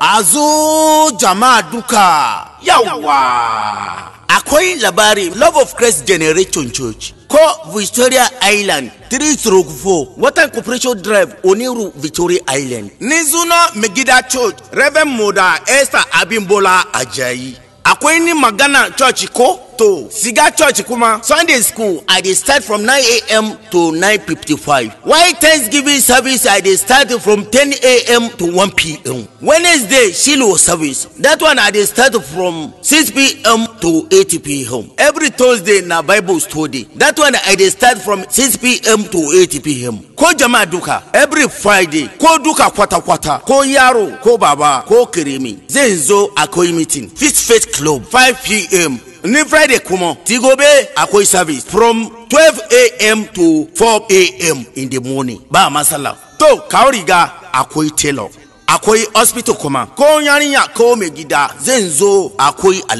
azu jama'a duka yawa akwai labari love of christ generation church ko victoria island Three 304 watan corporation drive oniru victoria island ní zuna megida church reverend moda esther abimbola ajayi akwai magana church ko to siga church kuma sunday school i dey start from 9 a.m to 9:55 while thanksgiving service i dey start from 10 a.m to 1 p.m wednesday shiloh service that one i dey start from 6 p.m to 8 p.m every thursday na bible study that one i dey start from 6 p.m to 8 p.m ko jama'a duka every friday ko duka kwata-kwata ko yaro ko baba ko kirimi zai zo akwai meeting fit faith club 5 pm ni friday kuma tigobe akwai service from 12 am to 4 am in the morning ba masala to kawo riga akwai tailor akwai hospital kuma ko yarinya ko megida gida zan zo akwai a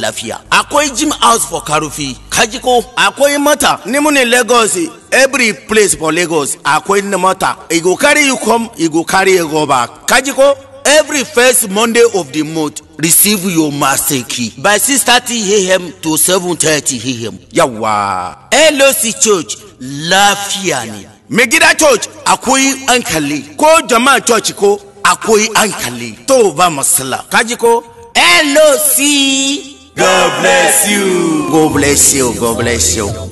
akwai gym house for karufi kaji ko akwai mata ne lagos every place for lagos akwai ni mata e go carry you come e go carry you go back kaji every first monday of the month receive your master key by thirty a.m. to seven thirty a.m. yawa loc church lafiya ni megida church akwai hankali ko Jama church ko akwai hankali to ba masala kaji ko loc god bless you god bless you god bless you